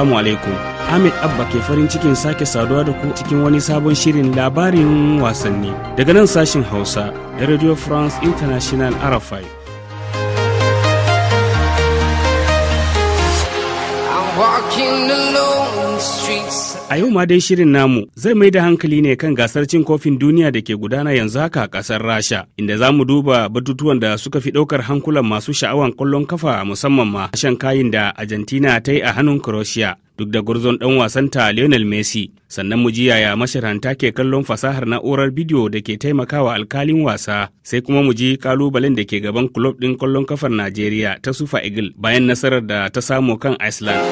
Assalamu alaikum. Ahmed Abba ke farin cikin sake saduwa da ku cikin wani sabon shirin labarin wasanni. Daga nan sashin Hausa, da Radio France International Arafai. I'm walking the streets A yau ma dai shirin namu zai mai da hankali ne kan gasar cin kofin duniya da ke gudana yanzu haka a ƙasar Rasha, inda za mu duba batutuwan da suka fi ɗaukar hankulan masu sha'awan ƙwallon kafa musamman ma shan kayin da Argentina ta yi a hannun Croatia. duk da gurzon ɗan wasanta Lionel Messi, sannan mu ji yaya masharanta ke kallon fasahar na'urar bidiyo da ke taimakawa alkalin wasa, sai kuma mu ji kalubalen da ke gaban kulob ɗin kwallon kafar Najeriya ta Sufa Eagle bayan nasarar da ta samu kan Iceland.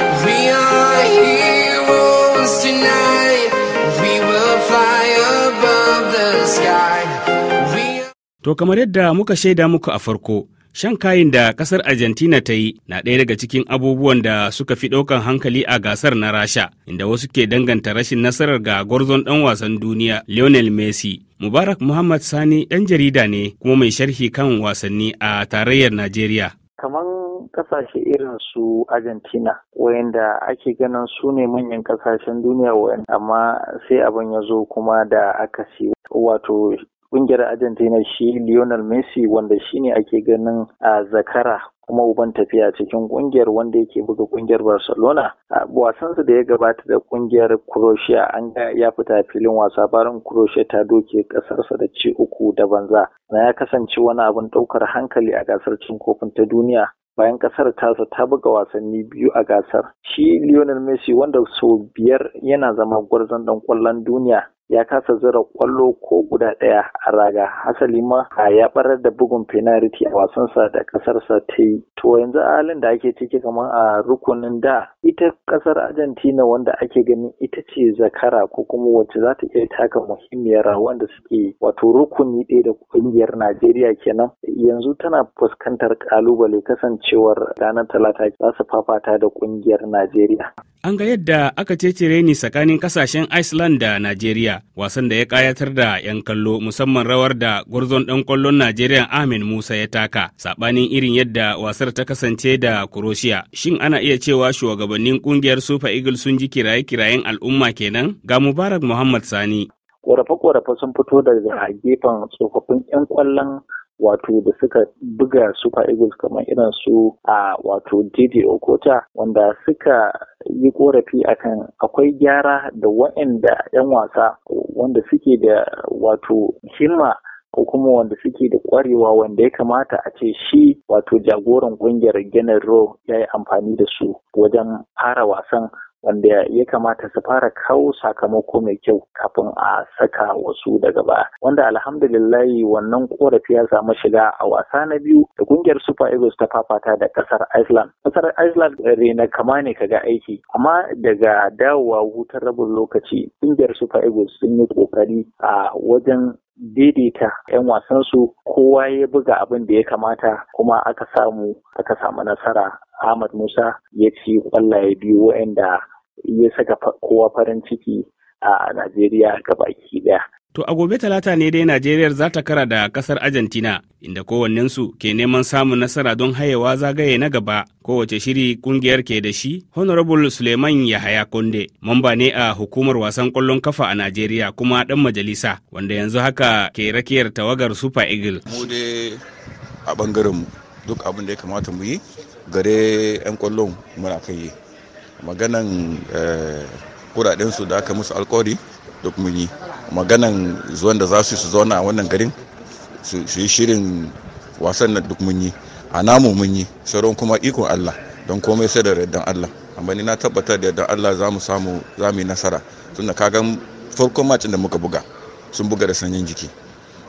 To kamar yadda muka shaida muku a farko, shan kayan da kasar Argentina ta yi na ɗaya daga cikin abubuwan da suka fi ɗaukan hankali a gasar na Rasha, inda wasu ke danganta rashin nasarar ga gwarzon ɗan wasan duniya Lionel Messi. Mubarak Muhammad Sani ɗan jarida ne kuma mai sharhi kan wasanni a tarayyar Najeriya. Kaman kasashe irin su Argentina wayanda ake ganin su ne manyan kasashen duniya wayan amma sai abin ya zo kuma da aka akasi wato kungiyar Argentina shi Lionel Messi wanda shi ne ake ganin a zakara kuma uban tafiya cikin kungiyar wanda yake buga kungiyar Barcelona a wasansa da ya gabata da kungiyar Croatia an ga ya fita filin wasa barin Croatia ta doke kasarsa da ci uku da banza na ya kasance wani abin daukar hankali a gasar cin kofin ta duniya bayan kasar tasa ta buga wasanni biyu a gasar shi lionel messi wanda sau biyar yana zama gwarzon dan kwallon duniya ya kasa zira kwallo ko guda ɗaya a raga hasali ma ya barar da bugun penalty a wasansa da kasarsa ta yi to yanzu a halin da ake ciki kamar a rukunin da ita ƙasar argentina wanda ake ganin ita ce zakara ko kuma wacce za ta iya taka muhimmiyar rawa wanda suke wato rukuni ɗaya da ƙungiyar najeriya kenan yanzu tana fuskantar kalubale kasancewar ranar talata za su fafata da ƙungiyar najeriya an ga yadda aka cecire ni tsakanin kasashen iceland da najeriya wasan da ya kayatar da 'yan kallo musamman rawar da gwarzon ɗan kwallon Najeriya Amin Musa ya taka saɓanin irin yadda wasar ta kasance da Kuroshiya. Shin ana iya cewa shugabannin ƙungiyar Super Eagles sun ji kiraye-kirayen al'umma kenan? Ga Mubarak Muhammad Sani. Ƙorafe-ƙorafe sun fito daga gefen tsofaffin 'yan kwallon wato da suka buga super eagles kamar irin su a wato jd okota wanda suka yi korafi akan akwai gyara da waɗanda 'yan wasa wanda suke da wato himma ko kuma wanda suke da kwarewa wanda ya kamata a ce shi wato jagoran kungiyar general ya yi amfani da su wajen fara wasan wanda ya kamata su fara kawo sakamako mai kyau kafin a saka wasu daga ba wanda alhamdulillahi wannan korafi ya samu shiga a wasa na biyu da kungiyar super eagles ta fafata da kasar iceland kasar iceland na kama ne kaga aiki amma daga dawowa wutar rabin lokaci kungiyar super eagles sun yi kokari a wajen daidaita 'yan wasansu kowa ya buga abin da ya kamata kuma aka samu aka samu nasara Ahmad Musa ya ci kwallaye biyu waɗanda ya saka kowa farin ciki a Najeriya baki daya. To a gobe talata ne dai Najeriya za ta kara da kasar Argentina inda kowannensu ke neman samun nasara don hayewa zagaye na gaba kowace shiri kungiyar ke da shi Honorable Suleiman Yahaya Konde mamba ne a hukumar wasan kwallon kafa a Najeriya kuma dan majalisa wanda yanzu haka ke rakiyar tawagar Super Eagle. Mu dai a bangaren duk abin da ya kamata mu yi gare 'yan kwallon muna kai maganan eh, kuraɗensu da aka musu alkawari da kuma yi maganan zuwan da za su su zauna a wannan garin su yi shirin wasan na duk mun yi a namu mun yi sauran kuma ikon Allah don komai sai da yardan Allah amma ni na tabbata da yardan Allah za mu samu za mu yi nasara tunda ga farkon macin da muka buga sun buga da sanyin jiki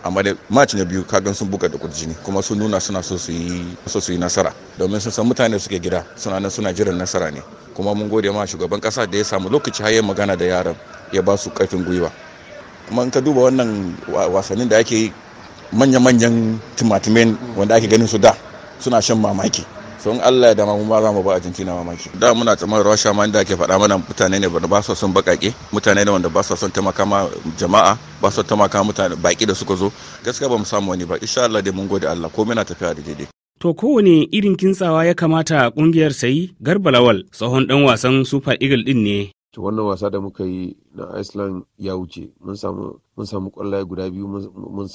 amma da match na biyu kagan sun buga da kurjini kuma sun nuna suna so su yi nasara domin sun san mutane suke gida suna nan suna jiran nasara ne kuma mun gode ma shugaban kasa da ya samu lokaci har magana da yaran ya ba su karfin gwiwa kuma in ka duba wannan wasannin da ake manya-manyan timatimen wanda ake ganin su da suna shan mamaki sun allah da mu ba za mu ba argentina mamaki da muna tsammanin rasha ma inda ake faɗa mana mutane ne ba su son bakake mutane ne wanda ba su son taimaka ma jama'a ba su taimaka mutane baki da suka zo gaskiya ba mu samu wani ba insha allah dai mun gode allah ko na tafiya da daidai To kowane irin kintsawa ya kamata kungiyar sayi Garba Lawal tsohon dan wasan Super Eagle din ne. To wannan wasa da muka yi na Iceland ya wuce mun samu mun samu kwallaye guda biyu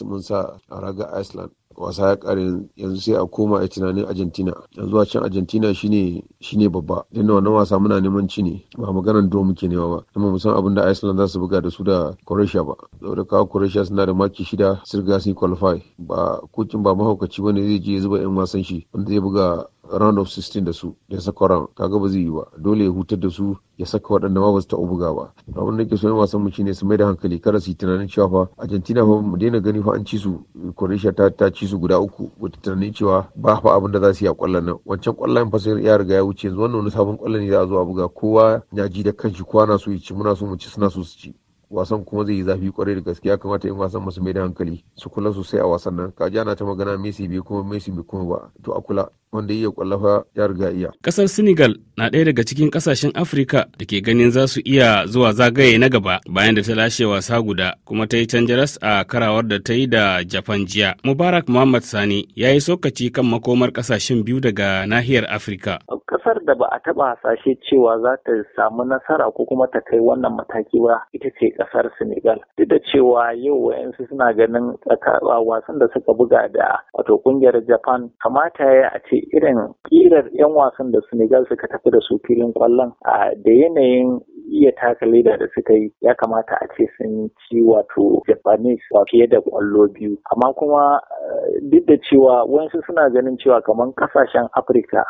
mun sa a raga Iceland wasa ya kare yanzu sai a koma a tunanin argentina yanzu a can argentina shine ne babba don wannan wasa muna neman ci ne ba maganar do muke nema ba amma mu san abin da iceland za su buga da su da croatia ba saboda kawo croatia suna da maki shida sirga sun qualify ba kokin ba mahaukaci wanda zai je zuba yan wasan shi wanda zai buga round of 16 da su ya saka round kaga ba zai yi ba dole ya hutar da su ya saka waɗanda ma ba su taɓa buga ba abin da ke so ne wasan mu shine su mai da hankali kada su yi tunanin cewa fa Argentina fa mu daina gani fa an ci su Croatia ta ci su guda uku wata tunanin cewa ba fa abin da za su yi a kwallon nan wancan kwallon fa sai ya riga ya wuce yanzu wannan wani sabon kwallon ne za a zo a buga kowa ya ji da kanshi na so ya ci muna so mu ci suna so su ci wasan kuma zai yi zafi kwarai da gaske ya kamata in wasan masu mai da hankali su kula sosai a wasan nan kaji ana ta magana Messi bai kuma Messi bai kuma ba to a kula wanda iya kwallafa ya riga iya kasar Senegal na ɗaya daga cikin kasashen Afirka da ke ganin za su iya zuwa zagaye na gaba bayan da ta lashe wasa guda kuma ta yi canjaras a karawar da ta yi da Japan jiya Mubarak Muhammad Sani ya yi sokaci kan makomar kasashen biyu daga nahiyar Afirka kasar da ba a taba hasashe cewa za ta samu nasara ko kuma ta kai wannan mataki ba ita ce kasar Senegal. Duk da cewa yau wayansu suna ganin wasan da suka buga da wato kungiyar Japan kamata ya a ce irin kirar 'yan wasan da Senegal suka tafi da su filin kwallon a da yanayin iya taka leda da suka yi ya kamata a ce sun ci wato japanese fiye da kwallo biyu amma kuma eh, duk da cewa wasu suna ganin cewa kamar kasashen afirka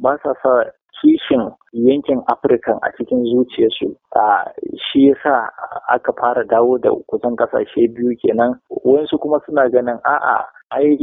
ba sa sa kishin yankin afirka a cikin zuciyarsu A shi yasa aka fara dawo da kusan kasashe biyu kenan wasu kuma suna ganin a'a ai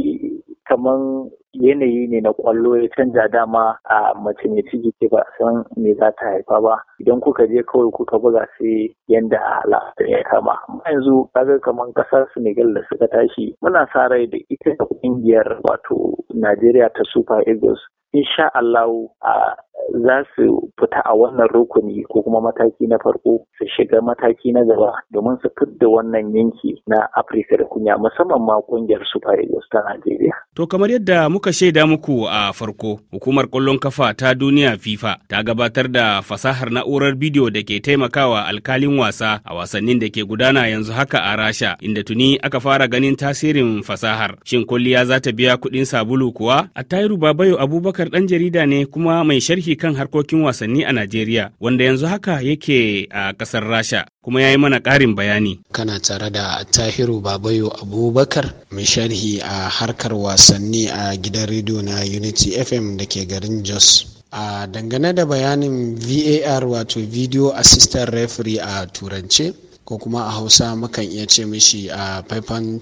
kaman yanayi ne na kwallo ya canja dama a mace mai ciki ke ba san me za ta haifa ba idan kuka je kawai kuka buga sai yanda lafiyar ya kama yanzu kaga kamar kasar Senegal da suka tashi muna sa rai da ita da kungiyar wato Najeriya ta Super Eagles insha Allah a ah, za su fita a wannan rukuni ko kuma mataki na farko su shiga mataki na gaba domin su fidda wannan yanki na Afirka da kunya musamman ma kungiyar Super Eagles ta Najeriya. To kamar yadda muka shaida muku a farko hukumar kwallon kafa ta duniya FIFA ta gabatar da fasahar na'urar bidiyo da ke taimakawa alkalin wasa a wasannin da ke gudana yanzu haka a Rasha inda tuni aka fara ganin tasirin fasahar. Shin kulliya za ta biya kuɗin sabulu kuwa? a Attairu Babayo Abubakar ɗan jarida ne kuma mai sharhi kan harkokin wasanni a Najeriya wanda yanzu haka yake a kasar Rasha kuma ya yi mana ƙarin bayani. Kana tare da Tahiru Babayo Abubakar mai sharhi a harkar wasanni a gidan rediyo na Unity FM da ke garin Jos. a dangane da bayanin var wato video assistant referee a turance ko kuma a hausa mukan iya ce mishi a uh, faifan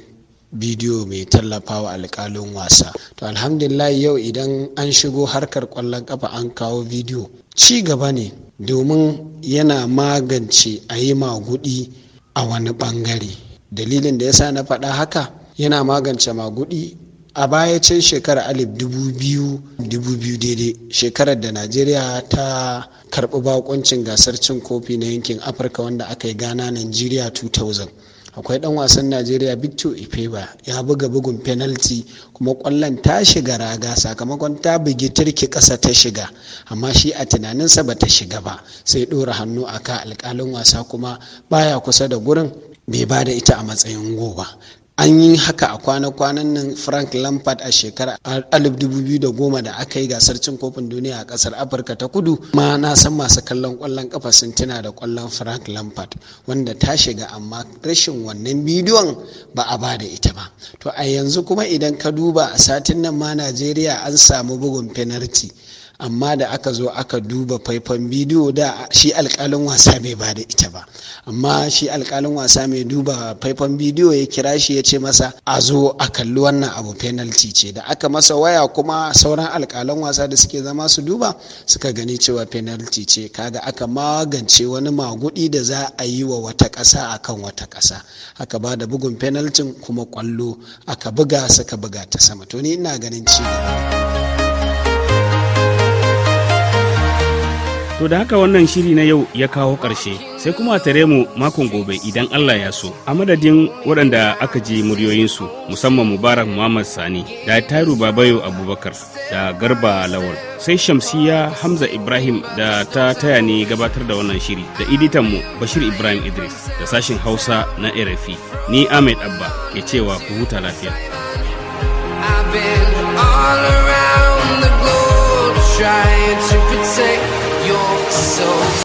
bidiyo mai tallafawa alkalin wasa to alhamdulillah yau idan an shigo harkar kwallon kafa an kawo bidiyo ci gaba ne domin yana magance a yi magudi a wani bangare dalilin da ya sa na faɗa haka yana magance magudi a baya can shekarar alif dubu biyu dubu biyu daidai shekarar da najeriya ta karɓi bakoncin gasar cin kofi na yankin afirka wanda aka yi ghana nigeria 2000 akwai dan wasan najeriya victor ifeba ya buga bugun penalti kuma kwallon ta shiga raga sakamakon ta bugi turki kasa ta shiga amma shi a tunaninsa ba ta shiga ba sai ɗora hannu a ka alkalin wasa kuma baya kusa da gurin bai ba da ita a matsayin goba an yi haka a kwana-kwanan nan frank lampard a shekarar 2010 da aka yi gasar cin kofin duniya a kasar afirka ta kudu ma na san masu kallon kwallon kafa sun tuna da kwallon frank lampard wanda ta shiga amma rashin wannan bidiyon ba a ba da ita ba to a yanzu kuma idan ka duba a satin nan ma najeriya an samu bugun fenalti amma da aka zo aka duba faifan bidiyo da shi alkalin wasa bai ba da ita ba amma shi alkalin wasa mai duba faifan bidiyo ya kira shi ya ce masa a zo a kalli wannan abu penalty ce da aka masa waya kuma sauran alkalan wasa da suke zama su duba suka gani cewa penalty ce kaga aka magance wani magudi da za a yi wa wata ƙasa akan wata ƙasa aka ba da bugun penalty kuma kwallo aka buga suka buga ta sama to ni ina ganin ci gaba To da haka wannan shiri na yau ya kawo ƙarshe sai kuma a tare mu makon gobe idan Allah ya so. A madadin waɗanda aka ji muryoyinsu musamman Mubarak Muhammad Sani da Tairu Babayo Abubakar da Garba Lawal sai Shamsiya Hamza Ibrahim da ta taya ni gabatar da wannan shiri da mu Bashir Ibrahim Idris da sashen Hausa na RFI. Ni Ahmed Abba ke cewa ku huta lafiya. I've been all around the globe trying to so